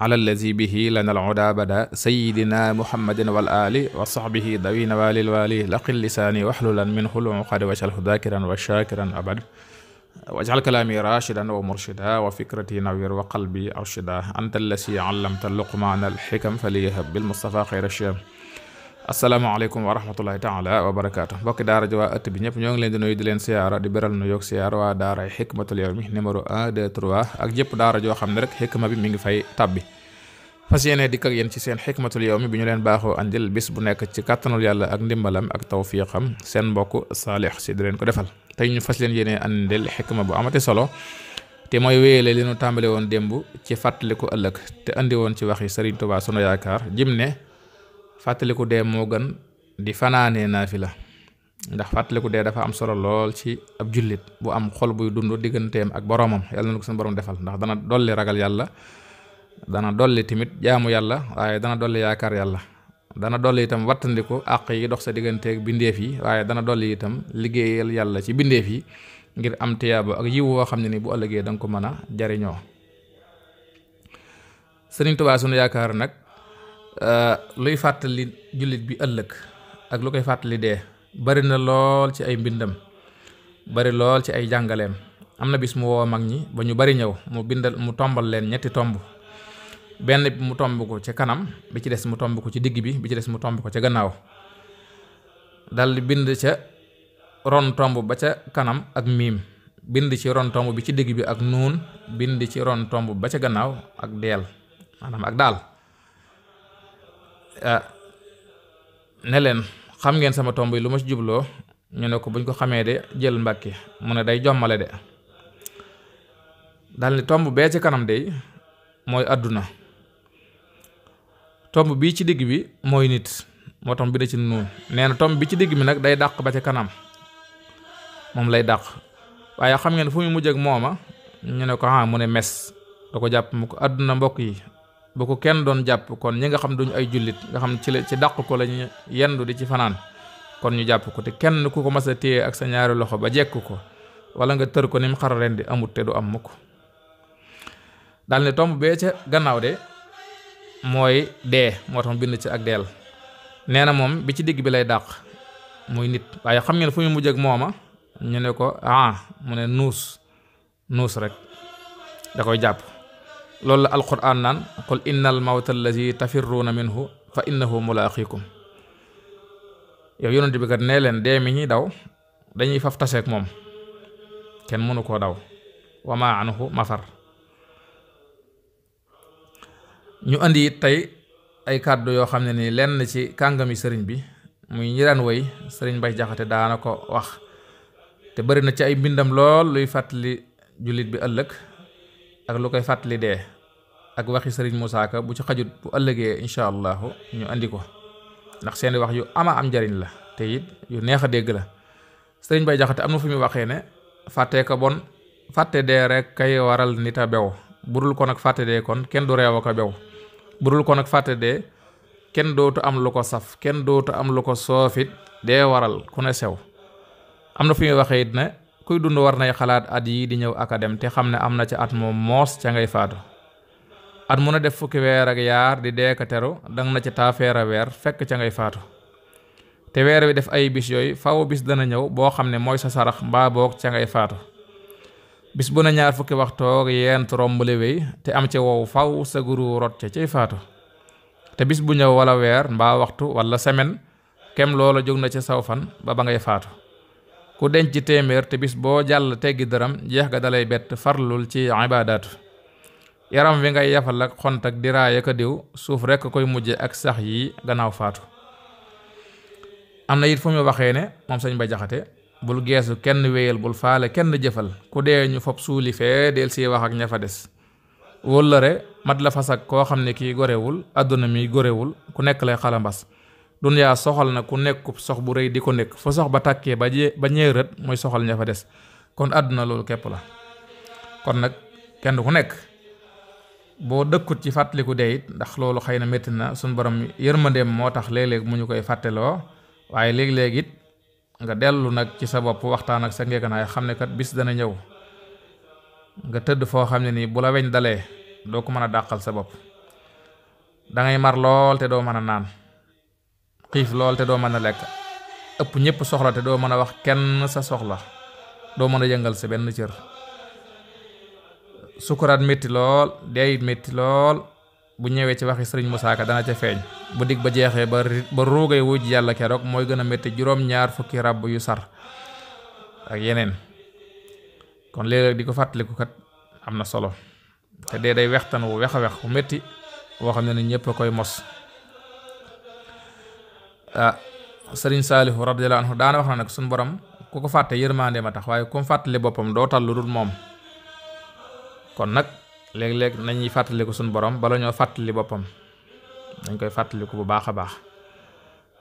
ala allazi bihi lana al-huda bada sayyidina muhammadin wal ali wa sahbihi dawina walil wali laqil lisani wahlulan min hulum qad waj'alhu dhakiran wa shakiran abad waj'al kalami rashidan wa murshida wa fikrati nawwir wa qalbi arshida anta allazi 'allamta luqmana al-hikam faliyahab bil mustafa khayra shiyam asalaamaaleykum wa rahmatullahi taala wa barakaatu mbokki daara ji waa ëtt bi ñëpp ñoo ngi leen di nuyu di leen siyaara di beral nu yoog siyaara waa daara yi xikmatul yawmi numéro 1 2 3 ak jëpp daara xam ne rek xikma bi mu ngi fay tabbi fas yéene dikk ak yéen ci seen xikmatul mi bi ñu leen baaxoo andil bis bu nekk ci kàttanul yàlla ak ndimbalam ak tawfiqam seen mbokk saalix si di leen ko defal te ñu fas leen yéene andil xikma bu amati solo te mooy wéyale li ñu tàmbale woon démb ci fàttaliku ëllëg te woon ci waxi Sëriñ Tuubaa sunu yaakaar jim fàttaliku dee moo gën di fanaanee la ndax fàttaliku dee dafa am solo lool ci ab jullit bu am xol buy dund digganteem ak boromam yàlla na ko seen borom defal ndax dana dolli ragal yàlla dana dolli tamit jaamu yàlla waaye dana dolli yaakaar yàlla dana dolli itam wattandiku àq yi dox sa digganteeg bindeef yi waaye dana dolli itam liggéeyal yàlla ci bindeef yi ngir am tiyaaba ak yiw woo xam ne ni bu ëllëgee da nga ko mën a jariñoo Sëriñ Tuubaa sunu yaakaar nag Euh, luy fàttali jullit bi ëllëg ak lu koy fàttali dee bari na lool ci ay mbindam bari lool ci ay jàngaleem am na bis mu woo mag ñi ba ñu bari ñëw mu bindal mu tombal leen ñetti tomb benn bi mu tomb ko ci kanam bi ci des mu tomb ko ci digg bi bi ci des mu tomb ko ca gannaaw daldi bind ca ron tomb ba ca kanam ak miim bind ci ron tomb bi ci digg bi ak nuun bind ci ron tomb ba ca gannaaw ak deel maanaam ak daal ah ne leen xam ngeen sama tomb yi lu ma ci jubloo ñu ne ko buñ ko xamee de jël mbàkki mu ne day jommale de dal ni tomb bee ci kanam de mooy àdduna tomb bii ci digg bi mooy nit moo tomb bi da ci nuun nee na tomb bi ci digg bi nag day dàq ba ci kanam moom lay dàq waaye xam ngeen fu mu mujj ak mooma ñu ne ko ah mu ne mes da ko jàpp mu ko àdduna mbokk yi bu ko kenn doon jàpp kon ñi nga xam duñu ay jullit nga xam ci la ci dàq ko lañu yendu di ci fanaan kon ñu jàpp ko te kenn ku ko mas a téye ak sa ñaari loxo ba jekk ko wala nga tër ko ni mu xara leen di amut te du am mukk dal ne tomb bee ca gannaaw de mooy dee moo tax bind ci ak deel nee na moom bi ci digg bi lay dàq muy nit waaye xam ngeen fu ñu mujj ak mooma ñu ne ko ah mu ne nuus nuus rek da koy jàpp loolu la alquran naan qul innal mawta allazi tafirruuna minhu fa innahu mulaaqikum yow yonent bi kat nee leen dee mi ñuy daw dañuy faf taseeg moom kenn mënu koo daw wa ma mafar ñu indi it tey ay kàddu yoo xam ne nii lenn ci kàngami sëriñ bi muy ñi daan woy sëriñ Mbay Jaxate daana ko wax te bari na ci ay mbindam lool luy fàttali jullit bi ëllëg ak lu koy fàttali dee ak waxi sëriñ Moussa Ka bu ci xajut bu ëllëgee incha allahu ñu indi ko ndax seeni wax yu ama am njariñ la te it yu neex a dégg la sëriñ Bay Jaxate am na fu muy waxee ne fàttee ko bon fàtte dee rek kay waral nit a bew budul ko nag fàtte kon kenn du reew a ko bew budul ko nag fàtte dee kenn dootu am lu ko saf kenn dootu am lu ko soofit dee waral ku ne sew am na fu muy waxee ne kuy dund war nay xalaat at yi di ñëw ak a dem te xam ne am na ca at moom moos ca ngay faatu at mu a def fukki weer ak yaar di deeka teru dang na ca taafeera weer fekk ca ngay faatu te weer wi def ay bis yooyu faw bis dana ñëw boo xam ne mooy sa sarax mbaa boog ca ngay faatu bis bu na ñaar fukki waxtoog yeent rombale wéy te am ca wow faw sa guru rot ca cay faatu te bis bu ñëw wala weer mbaa waxtu walla semaine kem loola jóg na ca saw fan ba ba ku denc téeméer te bis boo jàll teggi dërëm jeex nga dalay bett farlul ci ibaadaatu yaram wi ngay yafal ak xont ak diraaya ka diw suuf rekk koy mujje ak sax yi gannaaw faatu am na it fu mu waxee ne moom sëñ ba jaxate bul geesu kenn wéyal bul faale kenn jëfal ku dee ñu fob suuli fee del si wax ak ña fa des wóllëre mat la fas koo xam ne kii gorewul àdduna mi gorewul ku nekk lay xalambas dunyaa soxal na ku nekk sox bu rëy di ko nekk fa sox ba tàkkee ba jee ba ñeerët mooy soxal ña fa des kon àdduna loolu képp la kon nag kenn ku nekk boo dëkkut ci fàttaliku dee ndax loolu xëy na métti na suñ borom yërmandeem moo tax léeg-léeg mu ñu koy fàtteloo waaye léeg-léeg nga dellu nag ci sa bopp waxtaan ak sa ngeekanaay xam ne kat bis dana ñëw nga tëdd foo xam ne nii bu la weñ dalee doo ko mën a dàqal sa bopp dangay mar lool te doo mën a naan xiif lool te doo mën a lekk ëpp ñëpp soxla te doo mën a wax kenn sa soxla doo mën a yëngal sa benn cër sukuraat metti lool deeyit metti lool bu ñëwee ci waxi sëriñ Musaa Ka dana ca feeñ bu dig ba jeexee ba ba ruugay wuj yàlla keroog mooy gën a métti juróom-ñaar fukki ràbb yu sar ak yeneen kon léeg di ko fàttaliku kat am na solo te dee day wextan wu wex a wex wu métti woo ne ni ñëpp a koy mos Ah, sëriñ saalihu radiyallahu anhu daana wax na nag suñu borom ku ko fàtte yërmande ma tax waaye ku fàttali boppam doo tal lu dul moom kon nag léeg-léeg nañuy ko suñu borom bala ñoo fàttali boppam dañ koy fàttaliku bu baax a baax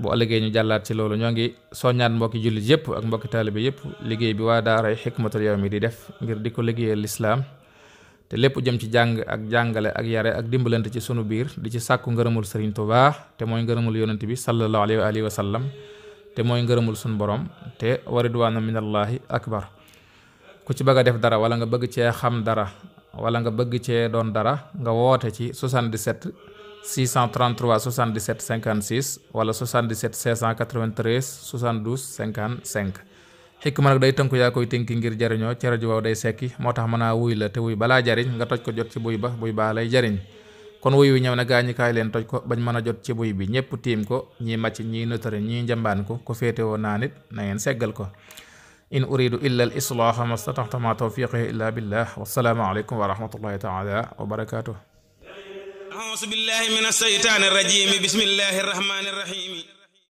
bu ëllëgee ñu jàllaat ci loolu ñoo ngi soññaat mbokki jullit yëpp ak mbokki taalibe yëpp liggéey bi waa daaray xikmatul yawmi di def ngir di ko liggéeyal lislaam te lépp jëm ci jàng ak jàngale ak yare ak dimbalante ci sunu biir di ci sàkku ngërëmul sëriñ Tuubaa te mooy ngërëmul yonent bi sallallahu alayhi wa alihi wa te mooy ngërëmul sunu borom te wa ridwaana minallaahi akbar ku ci bëgg a def dara wala nga bëgg cee xam dara wala nga bëgg cee doon dara nga woote ci 77 633 77 56 wala 77 693 72 55 xikma nag day tënku yaa koy tënki ngir jariñoo ci rajo waaw day sekki moo tax mën a wuy la te wuy balaa jariñ nga toj ko jot ci buy ba buy baa lay jariñ kon wuy wi ñëw na gaa leen toj ko bañ mën a jot ci buy bi ñëpp tiim ko ñii màcc ñii notari ñii njambaan ko ku féetewoo naa nit na ngeen seggal ko in uridu illa al islaaha mastataxta ma tawfiqihi illa billah wassalaamu aleykum wa rahmatullahi taala wa barakatuh أعوذ بالله من a الرجيم بسم الله الرحمن